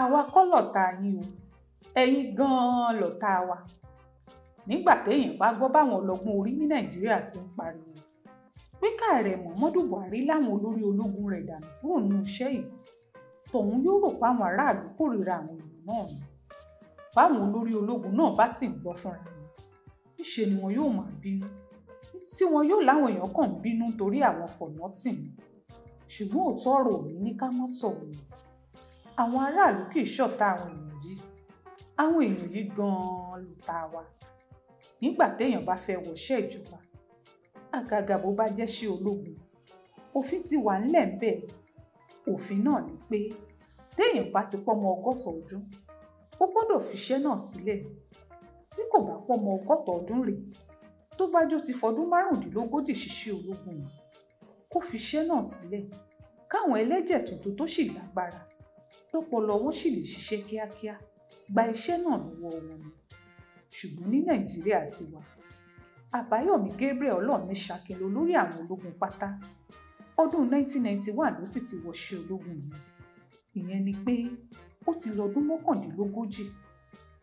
àwa kọ́ lọ̀tá yín o ẹ̀yin gan-an lọ̀tá wa nígbà téèyàn bá gbọ́ báwọn ọlọ́gbọ́n orí ní nàìjíríà ti ń pariwo pínká rẹ̀ Muhammadu Buhari láwọn olórí ológun rẹ̀ dànù kúrò nínú iṣẹ́ yìí tọ̀hún yóò rò pé aráàlú kórìíra àwọn ìlú náà ni báwọn olórí ológun náà bá sì ń gbọ́ fúnra wọn níṣe ni wọn yóò máa bínú tí wọn yóò láwọn èèyàn kàn bínú torí àwọn fọ̀nà tì mí ṣùgbọ́n òótọ́ ọ̀rọ̀ òní ní ká má sọ̀rọ̀ àwọn aráàlú kì í ṣọ̀tá àwọn èèyàn yìí àwọn èèyàn yìí gan-an lọ̀tá wa nígbà téèyàn bá fẹ́ wọṣẹ́ ìjọba àgàgà bó bá jẹ́ ṣe ológun òfin ti wà ńlẹ̀ ń bẹ̀ òfin náà ni pé téèyàn bá ti pọ́mọ ọgọ́ta ọdún ó gbọ́dọ̀ fiṣẹ́ náà sílẹ̀ tí kò bá pọ́mọ ọgọ́ta ọdún rèé tó bá jó ti fọdún márùndínlógójì ṣiṣẹ́ ológun yìí kó fiṣẹ́ náà sílẹ̀ káwọn ẹlẹ́jẹ̀ tuntun tó sì lágbára tọpọlọ wọn sì lè ṣiṣẹ́ kíákíá gba iṣẹ́ náà lọ́wọ́ wọn ni ṣùgbọ́n ní nàìjíríà tiwa àbáyọ̀mí gabriel ọlọ́ọ̀ni ṣakin lolórí àwọn ológun pátá ọdún 1991 ló sì ti wọṣẹ́ ológun yìí ìyẹn ni pé ó ti lọ́dún mọ́kàndínlógójì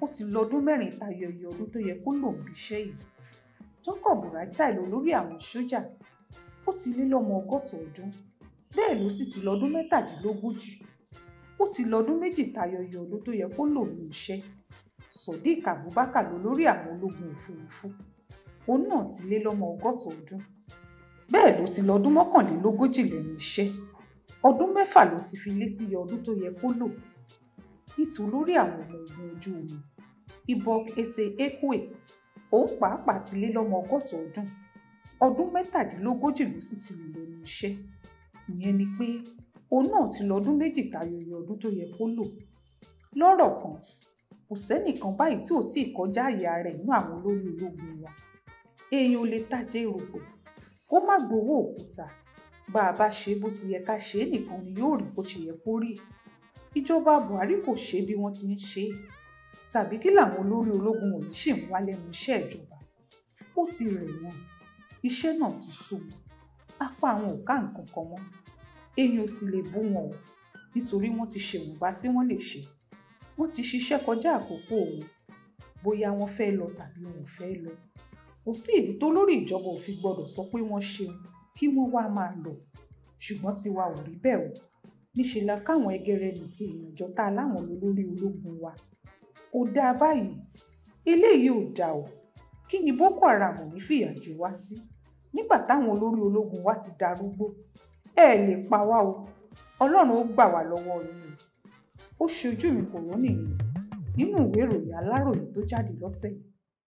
ó ti lọ́dún mẹ́rin tayọ iye ọdún tó yẹ kó lòún bí iṣẹ́ yìí tọkọ buratai lolórí àwọn sójà ó ti lé lọ́mọ ọgọ́ta ọdún bẹ́ẹ̀ ló sì ti lọ́dún mẹ́tàdínlógójì ó ti lọ́dún méjì tayọ iye ọdún tó yẹ kó lò ní iṣẹ́ sodiq abubakar lolórí àwọn ológun òfurufú òun náà ti lé lọ́mọ ọgọ́ta ọdún bẹ́ẹ̀ ló ti lọ́dún mọ́kànlélógójì lẹ́nu iṣẹ́ ọdún mẹ́fà ló ti fi lé sí iye ọdún tó yẹ kó lò nítorí àwọn ọmọ ogun ojú omi ibok ete ekwe òun pàápàá ti lé lọ́mọ ọgọ́ta ọdún ọdún mẹ́tàdínlógójì ló sì ti lò lẹ́nu iṣẹ́ ìyẹn ni pé òun náà ti lọ́dún méjì tayọ iye ọdún tó yẹ kó lò lọ́rọ̀ kan kò sẹ́nìkan báyìí tí ò tí ì kọjá àyè ara ẹ̀ nínú àwọn olórí ológun wa èèyàn ò lè tàjẹ́ ìrògbò kó má gbowó òkúta bá a bá ṣe bó ti yẹ ká ṣe é nìkan ni yóò rí bó ṣe yẹ kó rí ìjọba Buhari kò ṣe bí wọ́n ti ń ṣe é tàbí kí làwọn olórí ológun wọ̀nyí ṣì ń wá lẹ́nu iṣẹ́ ìjọba ó ti rẹ̀ wọ́n iṣẹ́ náà ti sú apá àwọn ò ká nǹkan kan mọ́ èèyàn ò sì lè bú wọn o nítorí wọ́n ti ṣèwọ̀nba tí wọ́n lè ṣe wọ́n ti ṣiṣẹ́ kọjá àkókò wọn bóyá wọ́n fẹ́ lọ tàbí wọn ò fẹ́ lọ kò sí ìdí tó lórí ìjọba òfin gbọ́dọ̀ sọ pé wọ́n ṣeun kí wọ́n wá máa lọ ṣùgbọ́n tiwa ò rí bẹ́ẹ̀ o níṣẹ́ la káwọn ẹgẹrẹmì ti ìrìnàjò tá a láwọn lólórí ológun wa kò dáa báyìí eléyìí ò dáa o kí ni Boko Haram ò ní fìyà jẹ wá sí nígbà táwọn olórí ológun wa ti darúgbó ẹ lè pa wá o ọlọ́run ó gbà wá lọ́wọ́ yín o ó ṣojú mi kò rọ́ nìyí nínú ìwé ìròyìn aláròyé tó jáde lọ́sẹ̀ yìí